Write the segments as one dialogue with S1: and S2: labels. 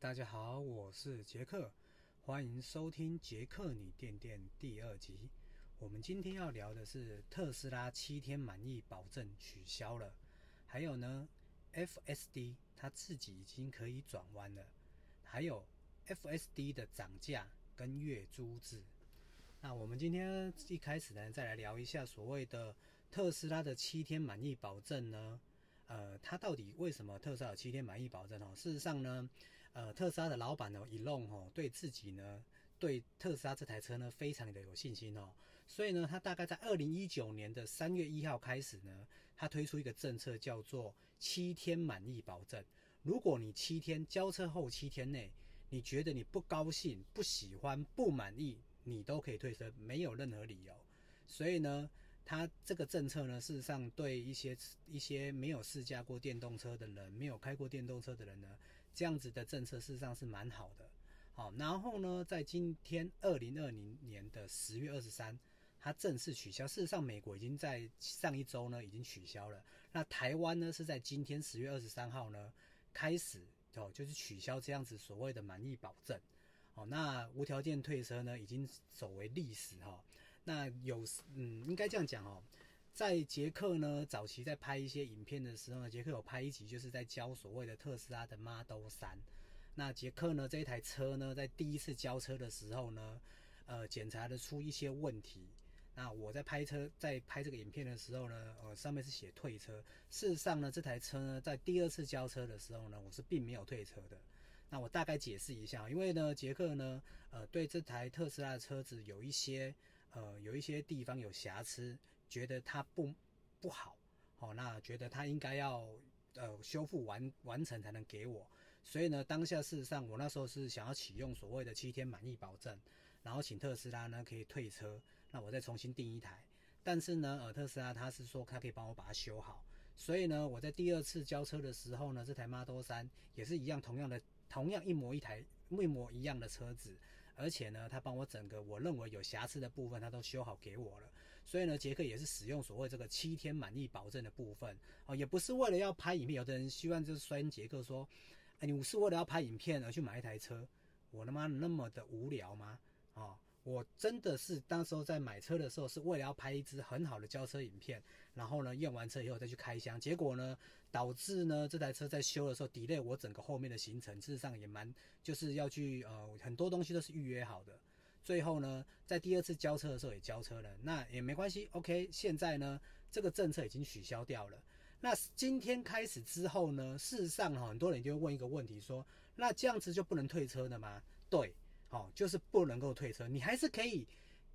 S1: 大家好，我是傑克，歡迎收聽《傑克你電電》第二集。我們今天要聊的是特斯拉七天滿意保證取消了，還有呢，FSD 它自己已經可以轉彎了，還有 FSD 的漲價跟月租制。那我們今天一開始呢，再來聊一下所謂的特斯拉的七天滿意保證呢，呃，它到底為什麼特斯拉有七天滿意保證？哦，事實上呢。呃，特斯拉的老闆呢，Elon 哦，對自己呢，對特斯拉這台車呢，非常的有信心哦。所以呢，他大概在二零一九年的三月一號開始呢，他推出一個政策，叫做七天滿意保證。如果你七天交車後七天內，你覺得你不高興、不喜歡、不滿意，你都可以退車，沒有任何理由。所以呢，他這個政策呢，事實上對一些一些沒有試駕過電動車的人，沒有開過電動車的人呢。這樣子的政策事實上是蠻好的，好，然後呢，在今天二零二零年的十月二十三，它正式取消。事實上，美國已經在上一周呢已經取消了。那台灣呢是在今天十月二十三號呢開始哦，就是取消這樣子所謂的滿意保證，哦、那無條件退車呢已經走為歷史哈、哦。那有嗯，應該這樣講哦。在傑克呢，早期在拍一些影片的時候呢，傑克有拍一集，就是在教所謂的特斯拉的 Model 3。那傑克呢，這一台車呢，在第一次交車的時候呢，呃，檢查得出一些問題。那我在拍車，在拍這個影片的時候呢，呃，上面是寫退車。事實上呢，這台車呢，在第二次交車的時候呢，我是並沒有退車的。那我大概解釋一下，因為呢，傑克呢，呃，對這台特斯拉的車子有一些，呃，有一些地方有瑕疵。覺得它不不好，好、哦、那覺得它應該要呃修復完完成才能給我，所以呢當下事實上我那時候是想要啟用所謂的七天滿意保證，然後請特斯拉呢可以退車，那我再重新訂一台。但是呢呃，特斯拉他是說他可以幫我把它修好，所以呢我在第二次交車的時候呢這台 Model 3也是一樣同樣的同樣一模一台一模一樣的車子，而且呢他幫我整個我認為有瑕疵的部分他都修好給我了。所以呢，傑克也是使用所謂這個七天滿意保證的部分啊、哦，也不是為了要拍影片。有的人希望就是說，傑克說，哎，你不是為了要拍影片而去買一台車？我他媽那麼的無聊嗎？啊、哦，我真的是當時候在買車的時候，是為了要拍一支很好的交車影片，然後呢驗完車以後再去開箱。結果呢，導致呢這台車在修的時候，delay 我整個後面的行程，事實上也蠻就是要去呃很多東西都是預約好的。最後呢，在第二次交車的時候也交車了，那也沒關係。OK，現在呢，這個政策已經取消掉了。那今天開始之後呢，事實上很多人就會問一個問題說，說那這樣子就不能退車了嗎？對，哦，就是不能夠退車，你還是可以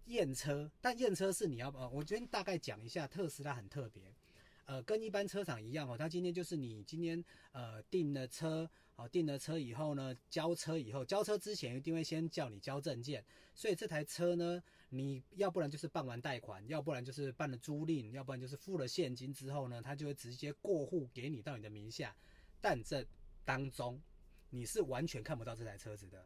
S1: 驗車，但驗車是你要，我覺得大概講一下，特斯拉很特別。呃，跟一般車廠一樣哦，他今天就是你今天呃訂了車，好，啊、訂了車以後呢，交車以後，交車之前一定會先叫你交證件，所以這台車呢，你要不然就是辦完貸款，要不然就是辦了租賃，要不然就是付了現金之後呢，他就會直接過戶給你到你的名下，但這當中你是完全看不到這台車子的，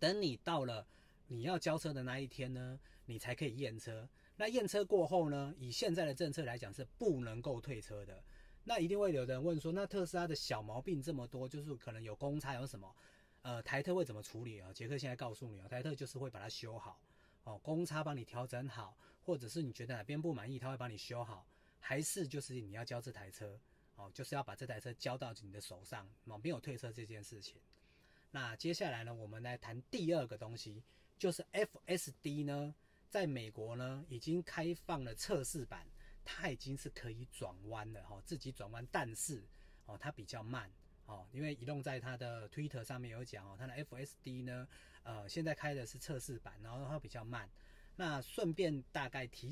S1: 等你到了你要交車的那一天呢，你才可以驗車。那驗車過後呢，以現在的政策來講，是不能夠退車的。那一定會有人問說，那特斯拉的小毛病這麼多，就是可能有公差有什麼，呃，台特會怎麼處理啊？哦，杰克現在告訴你啊，台特就是會把它修好，哦，公差幫你調整好，或者是你覺得哪邊不滿意，他會幫你修好，還是就是你要交這台車，哦，就是要把這台車交到你的手上，沒有退車這件事情。那接下來呢，我們來談第二個東西，就是 FSD 呢。在美國呢，已經開放了測試版，它已經是可以轉彎了哈，自己轉彎，但是哦，它比較慢哦，因為移動在它的 Twitter 上面有講哦，它的 FSD 呢，呃，現在開的是測試版，然後它比較慢。那順便大概提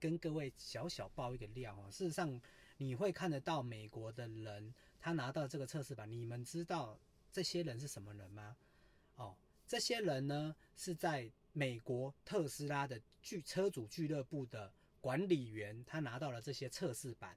S1: 跟各位小小爆一個料，事實上你會看得到美國的人他拿到這個測試版，你們知道這些人是什麼人嗎？哦，這些人呢是在。美國特斯拉的聚車主俱樂部的管理員，他拿到了這些測試版。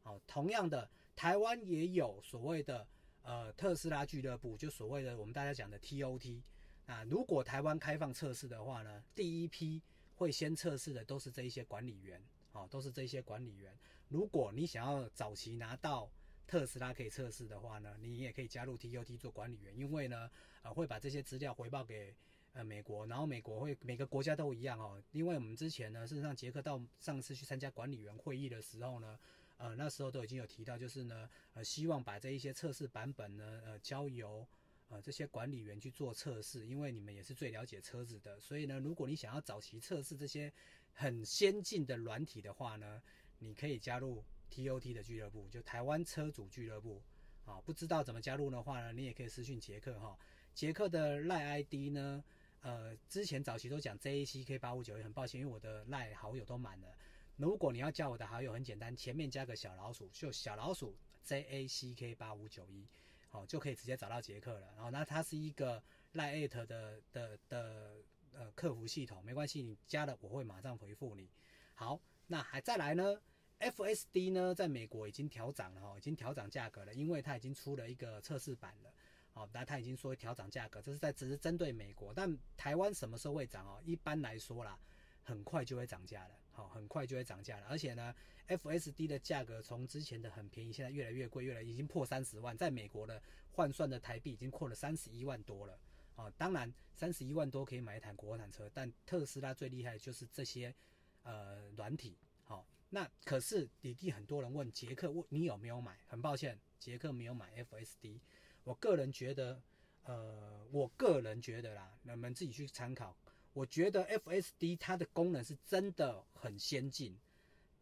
S1: 好，同樣的，台灣也有所謂的呃特斯拉俱樂部，就所謂的我們大家講的 T.O.T。那如果台灣開放測試的話呢，第一批會先測試的都是這一些管理員，哦，都是這一些管理員。如果你想要早期拿到特斯拉可以測試的話呢，你也可以加入 T.O.T 做管理員，因為呢，呃，會把這些資料回報給。呃、嗯，美國，然後美國會每個國家都一樣哦。因為我們之前呢，事實上傑克到上次去參加管理員會議的時候呢，呃，那時候都已經有提到，就是呢，呃，希望把這一些測試版本呢，呃，交由呃這些管理員去做測試，因為你們也是最了解車子的。所以呢，如果你想要早期測試這些很先進的軟體的話呢，你可以加入 TOT 的俱樂部，就台灣車主俱樂部。啊、哦，不知道怎麼加入的話呢，你也可以私訊傑克哈、哦，傑克的 Line ID 呢。呃，之前早期都講 J A C K 八五九一，很抱歉，因為我的賴好友都滿了。如果你要加我的好友，很簡單，前面加個小老鼠，就小老鼠 J A C K 八五九一，好，就可以直接找到杰克了。然後那它是一個賴 at 的的的,的呃客服系統，沒關係，你加了我會馬上回覆你。好，那還再來呢，F S D 呢，在美國已經調漲了哈，已經調漲價格了，因為它已經出了一個測試版了。好，那、哦、他已經說調漲價格，這是在只是針對美國，但台灣什麼時候會漲哦，一般來說啦，很快就會漲價了，好，哦，很快就會漲價了。而且呢，F S D 的價格從之前的很便宜，現在越來越貴，越來已經破三十萬，在美國的換算的台幣已經破了三十一萬多了啊，哦！當然，三十一萬多可以買一台國產車，但特斯拉最厲害的就是這些，呃，軟體。好，哦，那可是最近很多人問杰克，問你有沒有買？很抱歉，杰克沒有買 F S D。我個人覺得，呃，我個人覺得啦，你們自己去參考。我覺得 FSD 它的功能是真的很先進，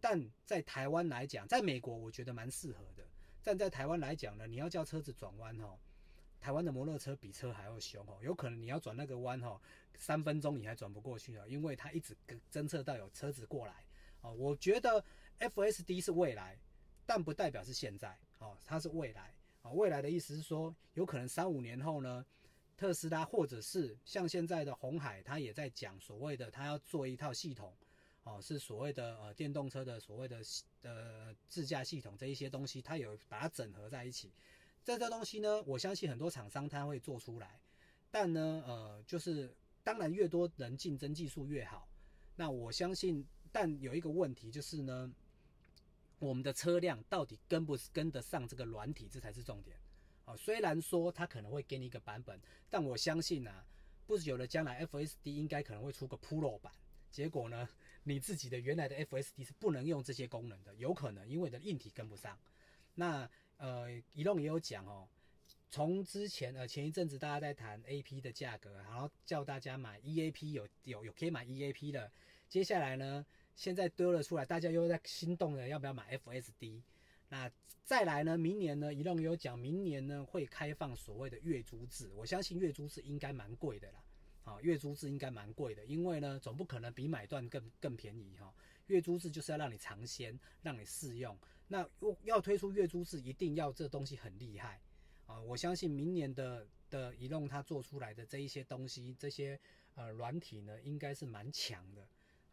S1: 但在台灣來講，在美國我覺得蠻適合的。站在台灣來講呢，你要叫車子轉彎哈、哦，台灣的摩托車比車還要凶哦，有可能你要轉那個彎哈、哦，三分鐘你還轉不過去啊，因為它一直偵測到有車子過來啊、哦。我覺得 FSD 是未來，但不代表是現在啊、哦，它是未來。未來的意思是說，有可能三五年後呢，特斯拉或者是像現在的鴻海，他也在講所謂的他要做一套系統，哦，是所謂的呃電動車的所謂的呃自駕系統這一些東西，他有把它整合在一起。這些東西呢，我相信很多廠商他會做出來，但呢，呃，就是當然越多人競爭技術越好。那我相信，但有一個問題就是呢，我們的車輛到底跟不跟得上這個軟體，這才是重點。好，雖然說它可能會給你一個版本，但我相信啊，不久的將來，FSD 應該可能會出個 Pro 版。結果呢，你自己的原來的 FSD 是不能用這些功能的，有可能因為你的硬體跟不上。那呃，Elon 也有講哦，從之前呃前一陣子大家在談 AP 的價格，然後叫大家買 EAP，有有有可以買 EAP 的。接下來呢，現在丟了出來，大家又在心動了，要不要買 FSD？那再來呢，明年呢，移動也有講明年呢會開放所謂的月租制，我相信月租制應該蠻貴的啦。哦、月租制應該蠻貴的，因為呢總不可能比買斷更更便宜哈、哦。月租制就是要讓你嘗鮮，讓你試用。那要推出月租制，一定要這東西很厲害啊、哦！我相信明年的的移動它做出來的這一些東西，這些呃軟體呢，應該是蠻強的。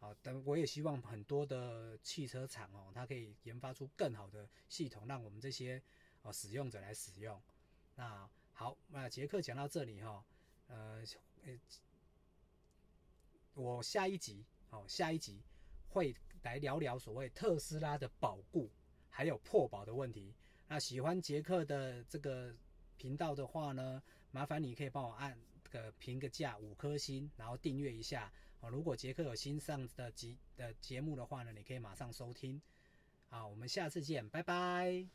S1: 啊，但我也希望很多的汽車廠哦，它可以研發出更好的系統，讓我們這些啊、哦、使用者來使用。那好，那傑克講到這裡哈、哦，呃呃，我下一集哦，下一集會來聊聊所謂特斯拉的保固還有破保的問題。那喜歡傑克的這個頻道的話呢，麻煩你可以幫我按個評個價五顆星，然後訂閱一下。哦，如果傑克有新上的節的節目的話呢，你可以馬上收聽。好，我們下次見，拜拜。